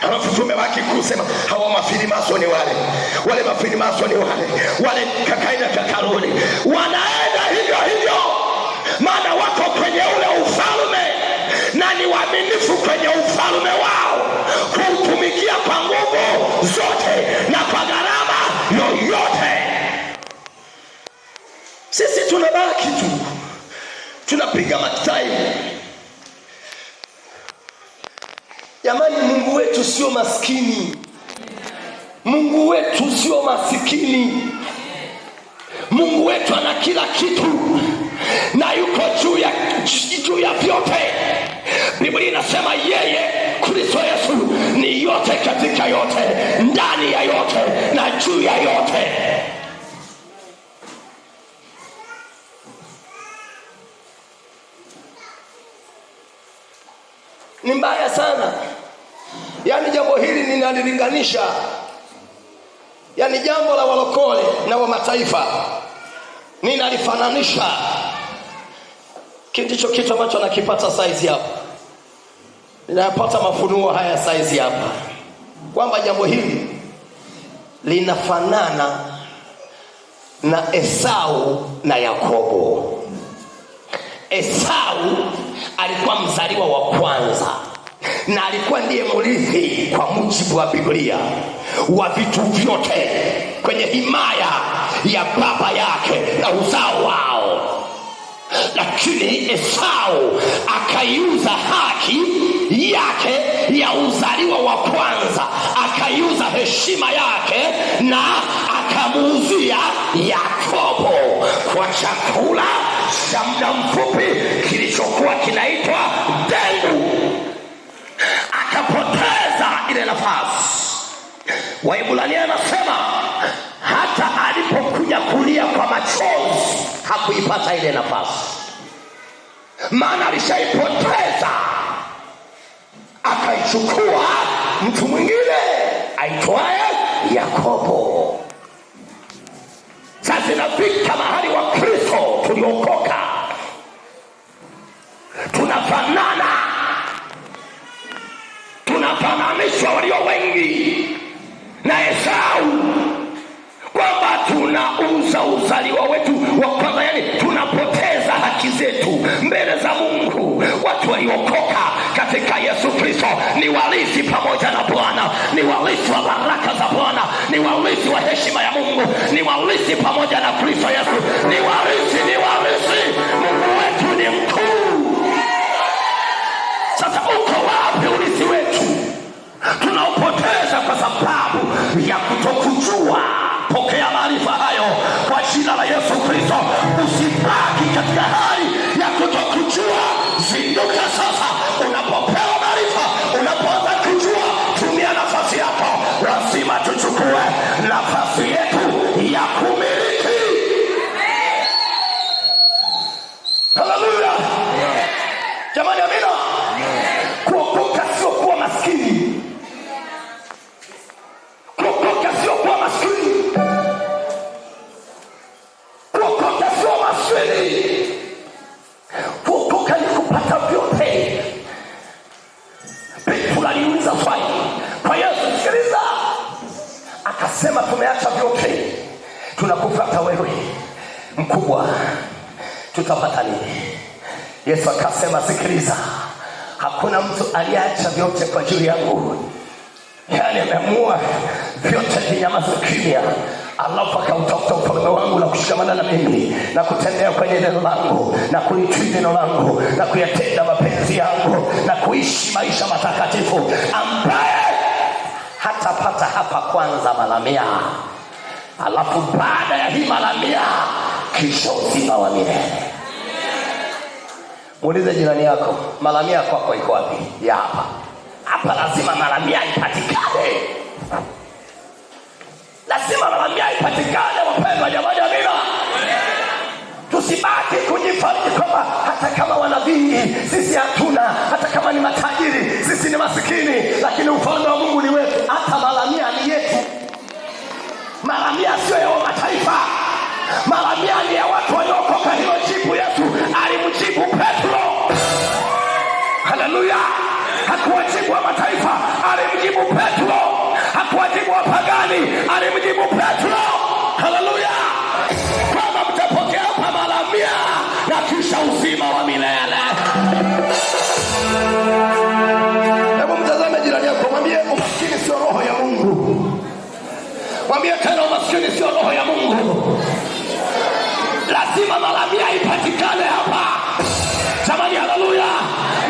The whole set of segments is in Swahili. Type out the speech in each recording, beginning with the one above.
Alafu tumebaki kusema hawa mafilimasoni wale wale mafilimasoni wale wale kakaida kakaruni wanaenda hivyo hivyo, maana wako kwenye ule ufalme na ni waaminifu kwenye ufalme wao kuutumikia kwa nguvu zote na kwa gharama yoyote. Sisi tunabaki tu tunapiga matai Jamani, Mungu wetu sio maskini, Mungu wetu sio masikini, Mungu wetu ana kila kitu na yuko juu ya juu ya vyote. Biblia inasema yeye Kristo Yesu ni yote katika yote, ndani ya yote na juu ya yote. Ni mbaya sana Yaani jambo hili ninalilinganisha, yaani jambo la walokole na wa mataifa ninalifananisha. kindicho kitu ambacho nakipata saizi hapa, ninayapata mafunuo haya saizi hapa, kwamba jambo hili linafanana na Esau na Yakobo. Esau alikuwa mzaliwa wa kwanza na alikuwa ndiye mrithi kwa mujibu wa Biblia wa vitu vyote kwenye himaya ya baba yake na uzao wao, lakini Esau akaiuza haki yake ya uzaliwa wa kwanza, akaiuza heshima yake na akamuuzia Yakobo kwa chakula cha muda mfupi kilichokuwa kinaitwa dengu ile nafasi. Waebrania anasema hata alipokuja kulia kwa machozi hakuipata ile nafasi, maana alishaipoteza, akaichukua mtu mwingine aitwaye Yakobo. Sasa inafika mahali wa Kristo tuliokoka tunafanana tumewafananishwa walio wengi na Esau kwamba tunauza uzaliwa wetu wa kwanza, yani tunapoteza haki zetu mbele za Mungu. Watu waliokoka katika Yesu Kristo ni warithi pamoja na Bwana, ni warithi wa baraka za Bwana, ni warithi wa heshima ya Mungu, ni warithi pamoja na Kristo Yesu, ni warithi, ni warithi tunaopoteza kwa sababu ya kutokujua. Pokea maarifa hayo kwa jina la Yesu Kristo. Usibaki katika hali ya kutokujua, zinduka sasa. Unapopewa maarifa, unapoanza kujua, tumia nafasi yako. Lazima tuchukue nafasi yetu. tunakufuata wewe mkubwa, tutapata nini? Yesu akasema, sikiliza, hakuna mtu aliyeacha vyote kwa ajili yangu, yani ameamua vyote vinyamaze kimya, alafu akautafuta ufalme wangu na kushikamana na mimi na kutembea kwenye neno langu na kuitii neno langu na kuyatenda mapenzi yangu na kuishi maisha matakatifu ambaye hatapata hapa kwanza mara mia alafu baada ya hii la kisha uzima wa milele. Muulize jirani yako, malamia kwako iko wapi? Ya hapa hapa, lazima malamia ipatikane, lazima malamia ipatikane. Wapendwa jamani, amina. Tusibaki kujifanya kwamba hata kama wana vingi sisi hatuna, hata kama ni matajiri sisi ni masikini, lakini ufalme wa Mungu ni wetu. Hata malamia ni mara mia sio ya mataifa, mara mia ni ya watu waliokoka. Hilo jibu Yesu alimjibu Petro. Haleluya! hakuwajibu wa mataifa, alimjibu Petro. Hakuwajibu wa pagani, alimjibu Petro. Haleluya! kama mtapokea kwa mara mia na kisha uzima wa Mwambie tena, umaskini sio roho ya Mungu. Lazima maramia ipatikane hapa jamani, haleluya!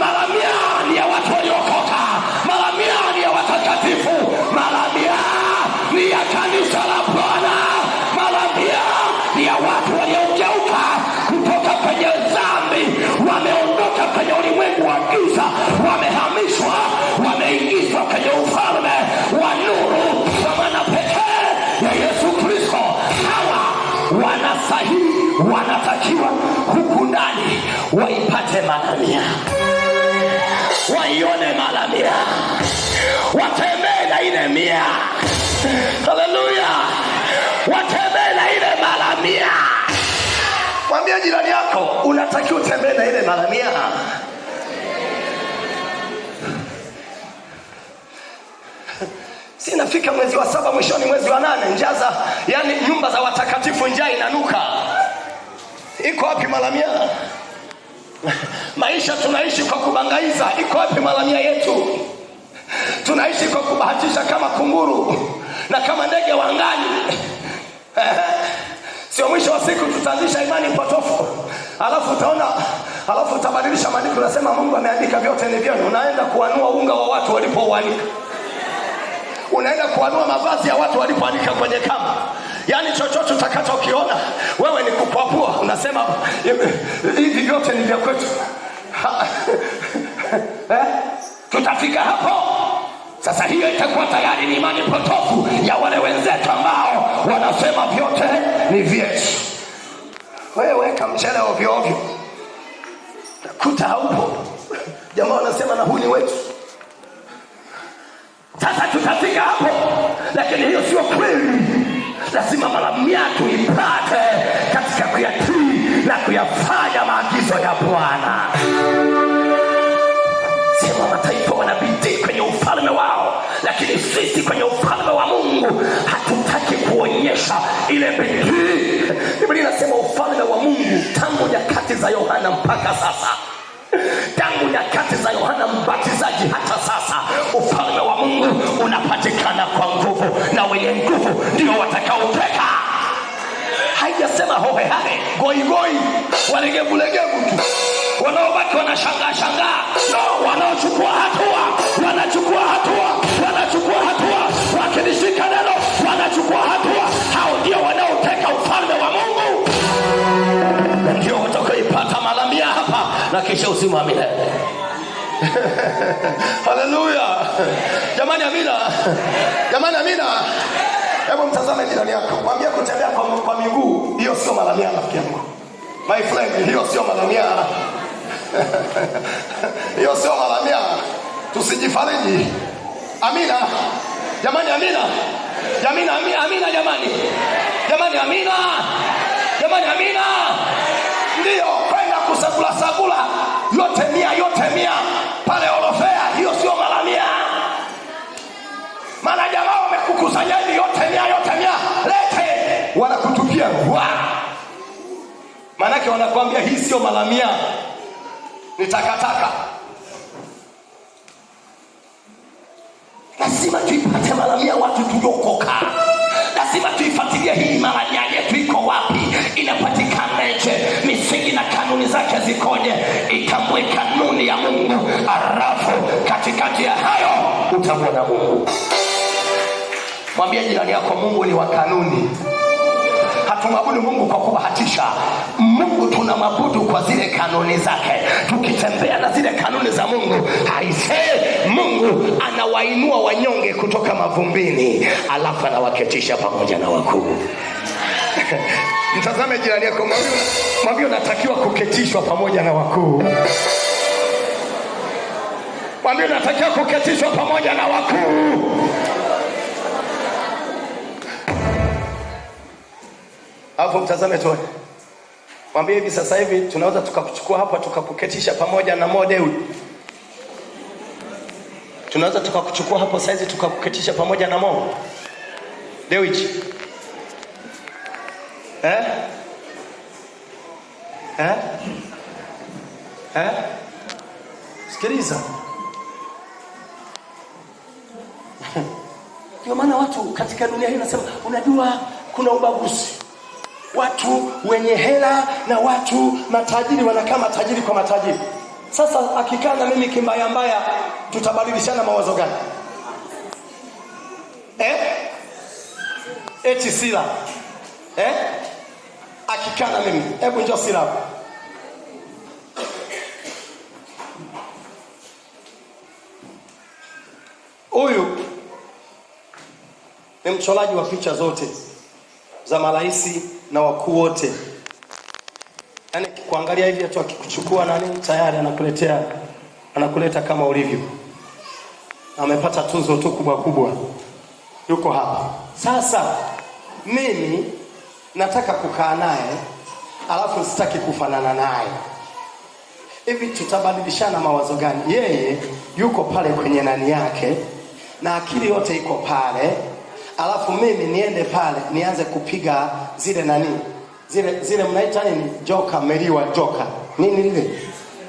Maramia ni ya watu waliokoka, maramia ni ya watakatifu, maramia ni ya kanisa la Bwana, maramia ni ya watu waliogeuka kutoka kwenye dhambi, wameondoka kwenye ulimwengu wa giza, wame wanatakiwa huku ndani waipate maramia, waione malamia, watembee na ile mia. Haleluya, watembee na ile maramia. Mwambia jirani yako, unatakiwa utembee na ile malamia. Sinafika mwezi wa saba, mwishoni mwezi wa nane, njaza yani nyumba za watakatifu, njaa inanuka iko wapi malamia Maisha tunaishi kwa kubangaiza, iko wapi malamia yetu? Tunaishi kwa kubahatisha kama kunguru na kama ndege wa angani sio? Mwisho wa siku tutaanzisha imani potofu, alafu utaona, alafu utabadilisha maandiko. unasema Mungu ameandika vyote ni vyenu. Unaenda kuanua unga wa watu walipouanika, unaenda kuanua mavazi ya watu walipoanika kwenye kama Yaani chochote utakachokiona wewe ni kupapua, unasema hivi vyote ni vya kwetu eh? tutafika hapo sasa. Hiyo itakuwa tayari ni imani potofu ya wale wenzetu ambao wanasema vyote ni vyetu. Wewe weka mchele ovyo ovyo, kuta haupo. Jamaa wanasema na huu ni wetu. Sasa tutafika hapo, lakini hiyo sio kweli lazima malamu yako ipate katika kuyatii na kuyafanya maagizo ya Bwana. Sema mataifa wanabidii kwenye ufalme wao, lakini sisi kwenye ufalme wa Mungu hatutaki kuonyesha ile bidii. Biblia inasema ufalme wa Mungu tangu nyakati za Yohana mpaka sasa tangu nyakati za Yohana Mbatizaji hata sasa, ufalme wa Mungu unapatikana kwa nguvu, na wenye nguvu ndio watakaopeka. Haijasema hohehahe, goigoi, walegevulegevu tu. Wanaobaki wanashangaa shangaa, no, wanaochukua hatua wanachukua hatua wanachukua hatua, wakilishika neno wanachukua hatua, hao ndio na kisha usimame wa Haleluya! Jamani, amina! Jamani, amina! Hebu mtazame jirani yako, mwambie kutembea kwa, kwa miguu hiyo sio mara mia. Rafiki yangu, my friend, hiyo sio mara mia, hiyo sio mara mia. Tusijifariji. Amina jamani, amina jamani, amina jamani, jamani, amina jamani, amina sagula sagula yote mia yote mia pale orofea hiyo sio malamia Maana jamaa wamekukusanyeni yote mia yote mia, lete, wanakutupia wa, maanake wanakuambia hii sio malamia ni takataka. Lazima tuipate malamia, watu tuliokoka lazima misingi na kanuni zake zikoje, itambue kanuni ya Mungu, alafu katikati ya hayo utamwona Mungu. Mwambie jirani yako, Mungu ni wa kanuni. Hatumwabudu Mungu kwa kubahatisha. Mungu tunamwabudu kwa zile kanuni zake. Tukitembea na zile kanuni za Mungu, aisee, Mungu anawainua wanyonge kutoka mavumbini, alafu anawaketisha pamoja na wakuu Mtazame jirani yako, mwambie unatakiwa kuketishwa pamoja na wakuu. Mwambie unatakiwa kuketishwa pamoja na wakuu. Hapo mtazame tu, mwambie hivi sasa hivi tunaweza tukakuchukua hapa tukakuketisha pamoja na Mo Dewji. Tunaweza tukakuchukua hapo saizi tukakuketisha pamoja na Mo Dewji. Eh? Eh? Eh? Sikiliza. Ndio maana watu katika dunia hii nasema, unajua kuna ubaguzi. Watu wenye hela na watu matajiri wanakaa matajiri kwa matajiri. Sasa akikaa na mimi kimbaya mbaya, tutabadilishana mawazo gani eh? Eti sila eh? Hakikana mimi. Hebu njoo sit Huyu ni mchoraji wa picha zote za marais na wakuu wote. Yaani kuangalia hivi tu akikuchukua nani tayari anakuletea anakuleta kama ulivyo. Amepata tuzo tu kubwa kubwa. Yuko hapa. Sasa mimi nataka kukaa naye, alafu sitaki kufanana naye. Hivi tutabadilishana mawazo gani? Yeye yuko pale kwenye nani yake na akili yote iko pale, alafu mimi niende pale nianze kupiga zile nani zile zile mnaita nini, joka meliwa, joka nini lile,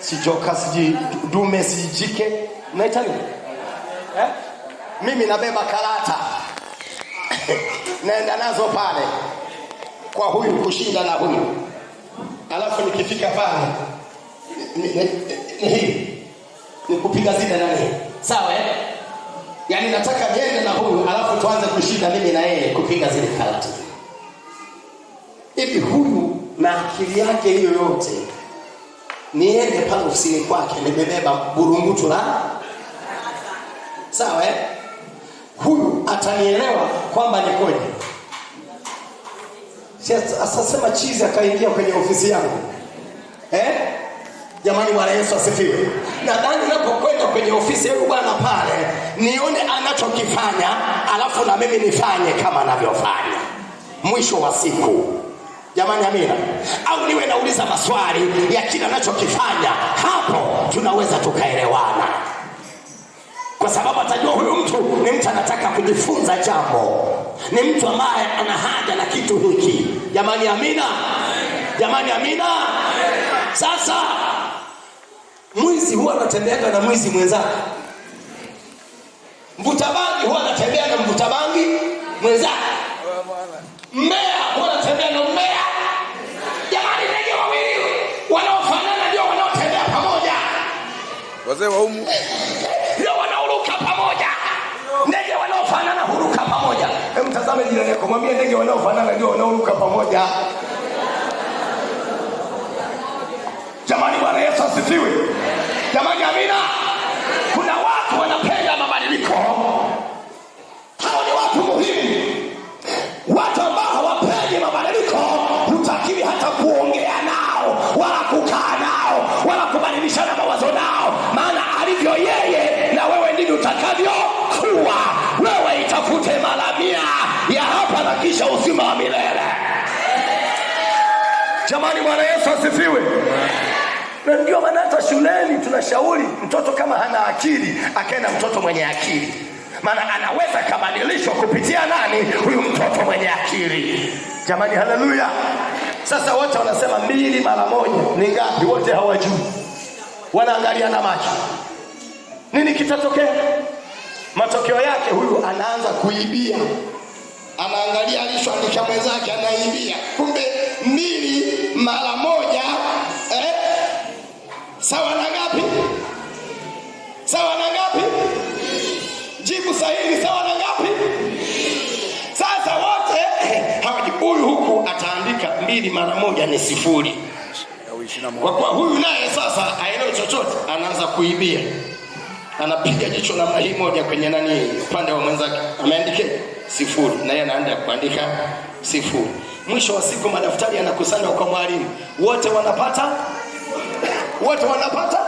si joka, siji dume, sijike jike, mnaita nini eh? Mimi nabeba karata naenda nazo pale kwa huyu kushinda na huyu, alafu nikifika pale ni nikupiga zile nani, sawa eh? Yaani nataka niende na huyu alafu tuanze kushinda mimi na yeye kupiga zile karata. Hivi huyu na akili yake hiyo yote, niende pale ofisini kwake nimebeba burungutu la sawa eh? Huyu atanielewa kwamba nikoje Asasema chizi akaingia kwenye ofisi yangu eh? Jamani, Bwana Yesu asifiwe. Nadhani napokwenda kwenye ofisi yangu bwana pale nione anachokifanya, alafu na mimi nifanye kama anavyofanya, mwisho wa siku. Jamani, amina. Au niwe nauliza maswali ya kila anachokifanya, hapo tunaweza tukaelewana, kwa sababu atajua huyu mtu ni mtu anataka kujifunza jambo ni mtu ambaye ana haja na kitu hiki. Jamani, amina! Jamani, amina! Sasa mwizi huwa anatembeaga na mwizi mwenzake, mvuta bangi huwa anatembea na mvuta bangi mwenzake, mmea huwa anatembea na mmea. Jamani, ndege wawili wanaofanana ndio wanaotembea pamoja, wazee wa umu Hebu tazame jirani yako, mwambie ndege wanaofanana ndio wanaoruka pamoja. Jamani, Bwana Yesu asifiwe. Jamani, amina. Jamani, Bwana Yesu asifiwe. Na ndio maana hata shuleni tunashauri mtoto kama hana akili akaenda mtoto mwenye akili, maana anaweza kabadilishwa kupitia nani? Huyu mtoto mwenye akili. Jamani, haleluya! Sasa wote wanasema mbili mara moja ni ngapi? Wote hawajui, wanaangaliana macho. Nini kitatokea? Matokeo yake huyu anaanza kuibia, anaangalia alichoandika mwenzake, anaibia kumbe mbili mara moja eh, sawa na ngapi? Sawa na ngapi? Jibu sahihi sawa na ngapi? Sasa wote Huyu eh, huku ataandika mbili mara moja ni sifuri, kwa kuwa huyu naye sasa aelewe chochote, anaanza kuibia anapiga jicho namna hii moja kwenye nani, upande wa mwenzake ameandike sifuri, na yeye anaanza kuandika sifuri. Mwisho wa siku madaftari yanakusanywa kwa mwalimu, wote wanapata wote wanapata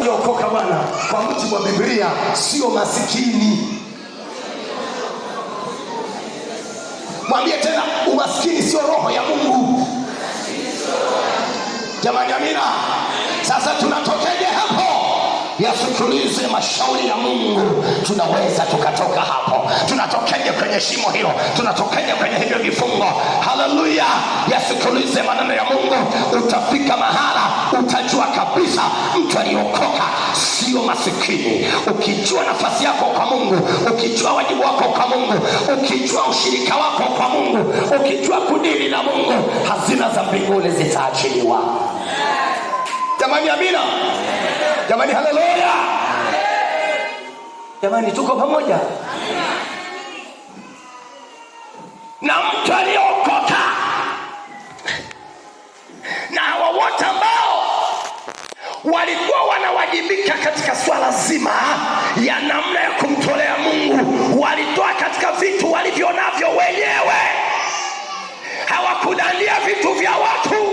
uliokoka bwana, kwa mujibu wa Biblia sio masikini. Mwambie tena, umasikini sio roho ya Mungu. Jamani, amina. Sasa tunatokeje hapo? yasikilize mashauri ya Mungu, tunaweza tukatoka hapo. Tunatokeje kwenye shimo hilo? Tunatokeje kwenye hivyo vifungo? Haleluya! Yasikilize maneno ya Mungu. Utafika mahala utajua kabisa mtu aliokoka sio masikini. Ukijua nafasi yako kwa Mungu, ukijua wajibu wako kwa Mungu, ukijua ushirika wako kwa Mungu, ukijua kudili na Mungu, hazina za mbinguni zitaachiliwa. Jamani, amina. Jamani, haleluya. Jamani, tuko pamoja na mtu aliyeokoka na hawa wote ambao walikuwa wanawajibika katika swala zima ya namna ya kumtolea Mungu, walitoa katika vitu walivyo navyo wenyewe, hawakudalia vitu vya watu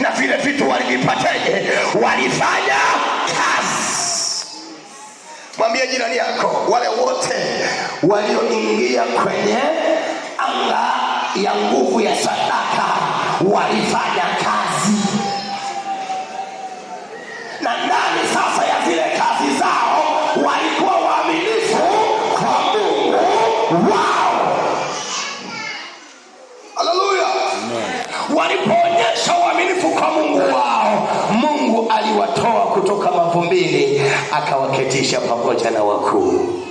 na vile vitu walivipateje, walifanya kazi. Mwambie jirani yako, wale wote walioingia kwenye anga ya nguvu ya sadaka walifanya kazi. kutoka mavumbini akawaketisha pamoja na wakuu.